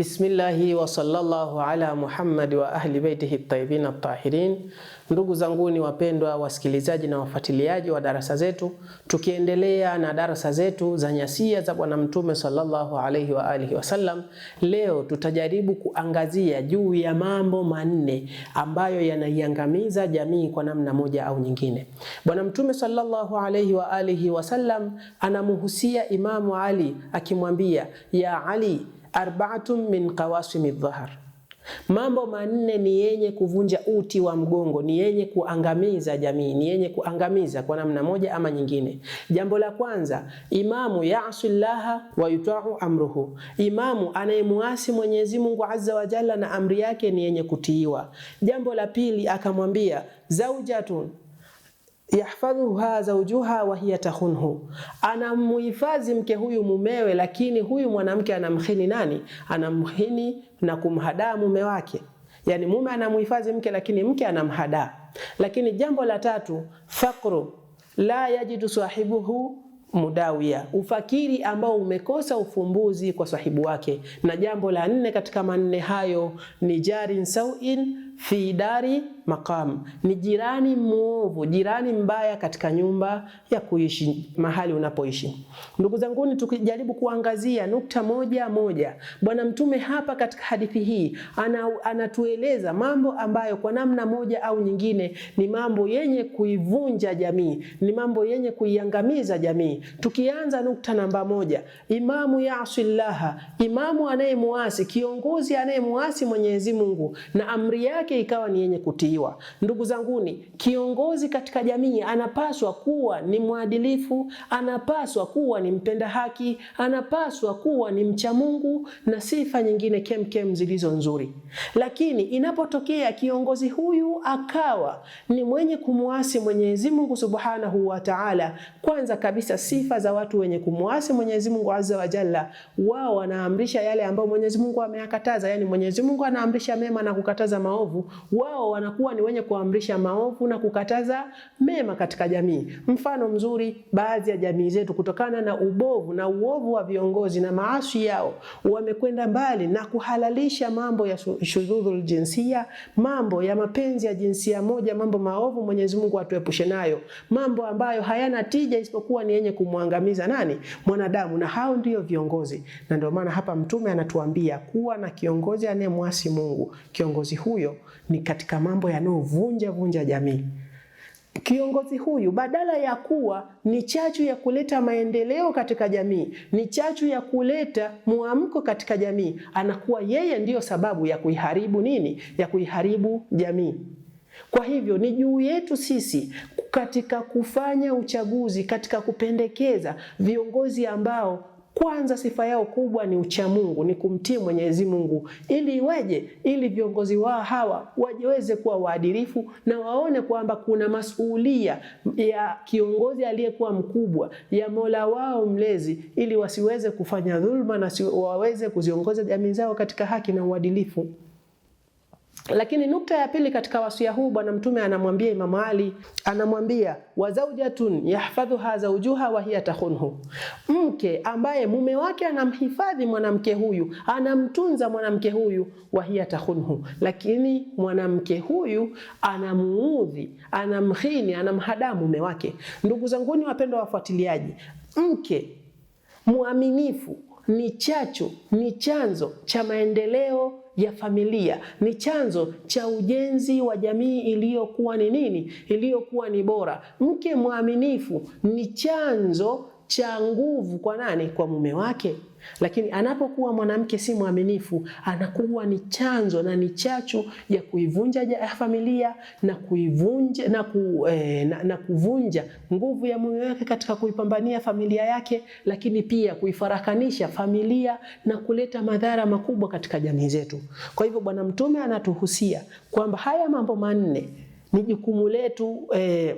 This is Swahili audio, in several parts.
Bismillahi wa sallallahu ala Muhammad wa ahli baitihi tayyibin atahirin. Ndugu zanguni wapendwa wasikilizaji na wafuatiliaji wa darasa zetu, tukiendelea na darasa zetu za nyasia za Bwana Mtume sallallahu alayhi wa alihi wasallam, leo tutajaribu kuangazia juu ya mambo manne ambayo yanaiangamiza jamii kwa namna moja au nyingine. Bwana Mtume sallallahu alayhi wa alihi wasallam anamuhusia Imamu Ali akimwambia, ya Ali arbaatun min qawasimi dhahar, mambo manne ni yenye kuvunja uti wa mgongo, ni yenye kuangamiza jamii, ni yenye kuangamiza kwa namna moja ama nyingine. Jambo la kwanza, imamu yaasi llaha wa yutau amruhu, imamu anayemuasi Mwenyezi Mungu azza wa jalla na amri yake ni yenye kutiiwa. Jambo la pili akamwambia zaujatun yahfadhuha zaujuha wa hiya tahunhu, anamuhifadhi mke huyu mumewe, lakini huyu mwanamke anamhini nani? Anamhini na kumhadaa mume wake. Yani mume anamuhifadhi mke, lakini mke anamhadaa. Lakini jambo la tatu, faqru la yajidu sahibuhu mudawia, ufakiri ambao umekosa ufumbuzi kwa sahibu wake. Na jambo la nne katika manne hayo ni jarin sawin fi dari maqam, ni jirani mwovu, jirani mbaya katika nyumba ya kuishi, mahali unapoishi. Ndugu zanguni, tukijaribu kuangazia nukta moja moja, Bwana Mtume hapa katika hadithi hii anatueleza mambo ambayo kwa namna moja au nyingine ni mambo yenye kuivunja jamii, ni mambo yenye kuiangamiza jamii. Tukianza nukta namba moja, imamu yasillaha, imamu anayemuasi, kiongozi anayemuasi Mwenyezi Mungu na amri yake yake ikawa ni yenye kutiiwa. Ndugu zanguni, kiongozi katika jamii anapaswa kuwa ni mwadilifu, anapaswa kuwa ni mpenda haki, anapaswa kuwa ni mcha Mungu na sifa nyingine kemkem zilizo nzuri. Lakini inapotokea kiongozi huyu akawa ni mwenye kumwasi Mwenyezi Mungu Subhanahu wa Ta'ala, kwanza kabisa sifa za watu wenye kumwasi Mwenyezi Mungu Azza wa Jalla, wao wanaamrisha yale ambayo Mwenyezi Mungu ameyakataza, yani Mwenyezi Mungu anaamrisha mema na kukataza maovu maovu, wao wanakuwa ni wenye kuamrisha maovu na kukataza mema katika jamii. Mfano mzuri, baadhi ya jamii zetu kutokana na ubovu na uovu wa viongozi na maasi yao, wamekwenda mbali na kuhalalisha mambo ya shudhudhul jinsia, mambo ya mapenzi ya jinsia moja, mambo maovu. Mwenyezi Mungu atuepushe nayo, mambo ambayo hayana tija isipokuwa ni yenye kumwangamiza nani? Mwanadamu, na hao ndiyo viongozi. Na ndio maana hapa Mtume anatuambia kuwa na kiongozi anayemwasi Mungu. Kiongozi huyo ni katika mambo yanayovunja vunja jamii. Kiongozi huyu badala ya kuwa ni chachu ya kuleta maendeleo katika jamii, ni chachu ya kuleta mwamko katika jamii, anakuwa yeye ndiyo sababu ya kuiharibu nini? Ya kuiharibu jamii. Kwa hivyo ni juu yetu sisi katika kufanya uchaguzi, katika kupendekeza viongozi ambao kwanza sifa yao kubwa ni uchamungu, ni kumtii Mwenyezi Mungu. Ili iweje? Ili viongozi wao hawa wajiweze kuwa waadilifu na waone kwamba kuna masuulia ya kiongozi aliyekuwa mkubwa ya Mola wao mlezi, ili wasiweze kufanya dhulma na waweze kuziongoza jamii zao katika haki na uadilifu. Lakini nukta ya pili katika wasia huu, bwana mtume anamwambia Imam Ali, anamwambia wazaujatun yahfadhuha zaujuha wa hiya takhunhu, mke ambaye mume wake anamhifadhi mwanamke huyu, anamtunza mwanamke huyu, wa hiya takhunhu, lakini mwanamke huyu anamuudhi, anamhini, anamhadaa mume wake. Ndugu zanguni wapendwa wafuatiliaji, mke muaminifu ni chachu, ni chanzo cha maendeleo ya familia, ni chanzo cha ujenzi wa jamii iliyokuwa ni nini, iliyokuwa ni bora. Mke mwaminifu ni chanzo cha nguvu kwa nani? Kwa mume wake. Lakini anapokuwa mwanamke si mwaminifu, anakuwa ni chanzo na ni chachu ya kuivunja ya familia na kuivunja na, ku, eh, na, na kuvunja nguvu ya mume wake katika kuipambania familia yake, lakini pia kuifarakanisha familia na kuleta madhara makubwa katika jamii zetu. Kwa hivyo Bwana Mtume anatuhusia kwamba haya mambo manne ni jukumu letu eh,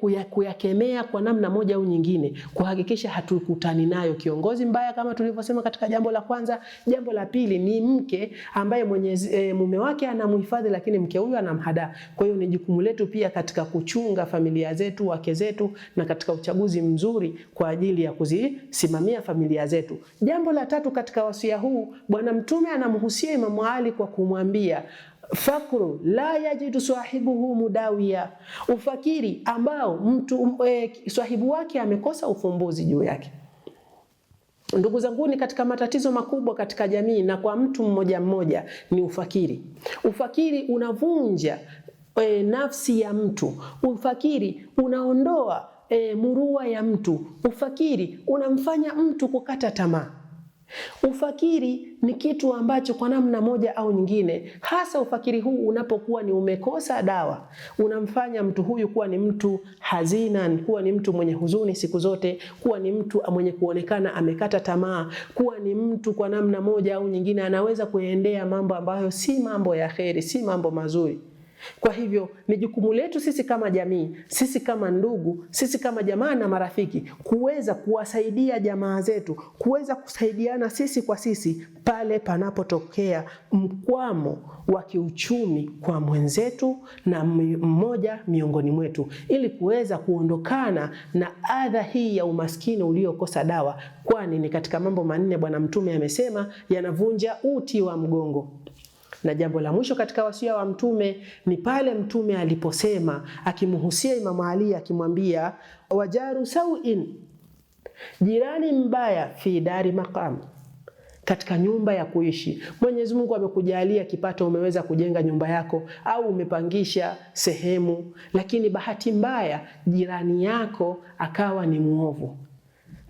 kuyakemea kuya, kuya kwa namna moja au nyingine, kuhakikisha hatukutani nayo kiongozi mbaya, kama tulivyosema katika jambo la kwanza. Jambo la pili ni mke ambaye mwenyezi, eh, mume wake anamhifadhi, lakini mke huyo anamhadaa. Kwa hiyo ni jukumu letu pia katika kuchunga familia zetu, wake zetu, na katika uchaguzi mzuri kwa ajili ya kuzisimamia familia zetu. Jambo la tatu katika wasia huu, Bwana Mtume anamhusia Imamu Ali kwa kumwambia Fakru la yajidu sahibuhu mudawiya, ufakiri ambao mtu e, sahibu wake amekosa ufumbuzi juu yake. Ndugu zangu ni katika matatizo makubwa katika jamii na kwa mtu mmoja mmoja ni ufakiri. Ufakiri unavunja e, nafsi ya mtu. Ufakiri unaondoa e, murua ya mtu. Ufakiri unamfanya mtu kukata tamaa. Ufakiri ni kitu ambacho kwa namna moja au nyingine, hasa ufakiri huu unapokuwa ni umekosa dawa, unamfanya mtu huyu kuwa ni mtu hazina kuwa ni mtu mwenye huzuni siku zote, kuwa ni mtu mwenye kuonekana amekata tamaa, kuwa ni mtu kwa namna moja au nyingine anaweza kuendea mambo ambayo si mambo ya kheri, si mambo mazuri. Kwa hivyo ni jukumu letu sisi kama jamii, sisi kama ndugu, sisi kama jamaa na marafiki kuweza kuwasaidia jamaa zetu, kuweza kusaidiana sisi kwa sisi pale panapotokea mkwamo wa kiuchumi kwa mwenzetu na mmoja miongoni mwetu, ili kuweza kuondokana na adha hii ya umaskini uliokosa dawa, kwani ni katika mambo manne Bwana Mtume amesema yanavunja uti wa mgongo. Na jambo la mwisho katika wasia wa Mtume ni pale Mtume aliposema akimhusia Imamu Ali akimwambia, wajaru sauin, jirani mbaya, fi dari maqam katika nyumba ya kuishi. Mwenyezi Mungu amekujalia kipato, umeweza kujenga nyumba yako au umepangisha sehemu, lakini bahati mbaya jirani yako akawa ni mwovu.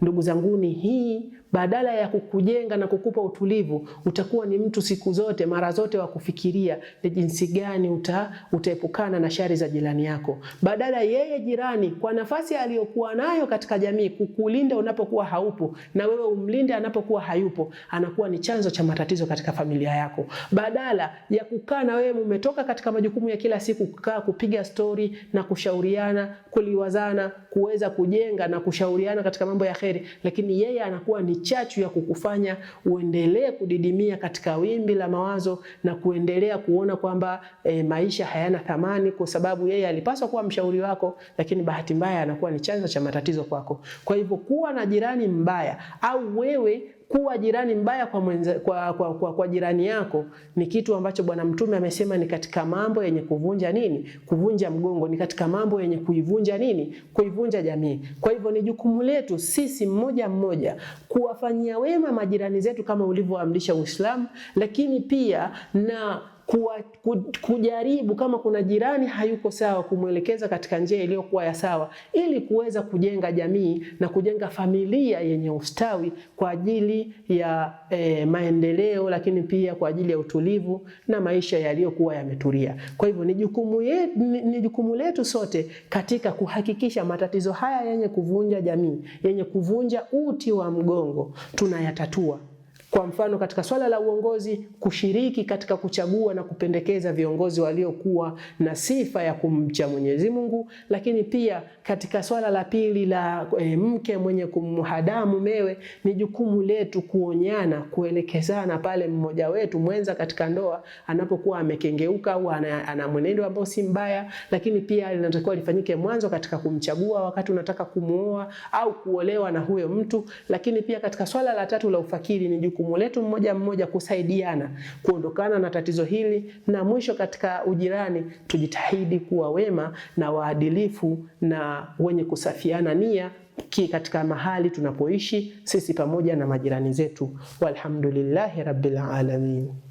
Ndugu zanguni, hii badala ya kukujenga na kukupa utulivu, utakuwa ni mtu siku zote mara zote wa kufikiria ni jinsi gani uta, utaepukana na shari za jirani yako, badala yeye jirani kwa nafasi aliyokuwa nayo katika jamii kukulinda unapokuwa haupo na wewe umlinde anapokuwa hayupo, anakuwa ni chanzo cha matatizo katika familia yako, badala ya kukaa na wewe umetoka katika majukumu ya kila siku, kukaa kupiga stori na kushauriana, kuliwazana, kuweza kujenga na kushauriana katika mambo ya kheri, lakini yeye anakuwa ni chachu ya kukufanya uendelee kudidimia katika wimbi la mawazo na kuendelea kuona kwamba e, maisha hayana thamani, kwa sababu yeye alipaswa kuwa mshauri wako, lakini bahati mbaya anakuwa ni chanzo cha matatizo kwako. Kwa hivyo kuwa na jirani mbaya au wewe kuwa jirani mbaya kwa, mwenze, kwa, kwa, kwa, kwa jirani yako ni kitu ambacho Bwana Mtume amesema ni katika mambo yenye kuvunja nini, kuvunja mgongo, ni katika mambo yenye kuivunja nini, kuivunja jamii. Kwa hivyo ni jukumu letu sisi mmoja mmoja kuwafanyia wema majirani zetu kama ulivyoamrisha Uislamu, lakini pia na kuwa, ku, kujaribu kama kuna jirani hayuko sawa, kumwelekeza katika njia iliyokuwa ya sawa, ili kuweza kujenga jamii na kujenga familia yenye ustawi kwa ajili ya e, maendeleo, lakini pia kwa ajili ya utulivu na maisha yaliyokuwa yametulia. Kwa hivyo ni jukumu yetu, ni jukumu letu sote katika kuhakikisha matatizo haya yenye kuvunja jamii, yenye kuvunja uti wa mgongo tunayatatua. Kwa mfano katika swala la uongozi, kushiriki katika kuchagua na kupendekeza viongozi waliokuwa na sifa ya kumcha Mwenyezi Mungu, lakini pia katika swala la pili la e, mke mwenye kumhadamu mewe, ni jukumu letu kuonyana, kuelekezana pale mmoja wetu mwenza katika ndoa anapokuwa amekengeuka au ana, ana mwenendo ambao si mbaya, lakini pia linatakiwa lifanyike mwanzo katika kumchagua wakati unataka kumuoa au kuolewa na huyo mtu, lakini pia katika swala la tatu la ufakiri ni jukumu jukumu letu mmoja mmoja kusaidiana kuondokana na tatizo hili, na mwisho katika ujirani, tujitahidi kuwa wema na waadilifu na wenye kusafiana nia ki katika mahali tunapoishi sisi pamoja na majirani zetu. Walhamdulillahi rabbil alamin.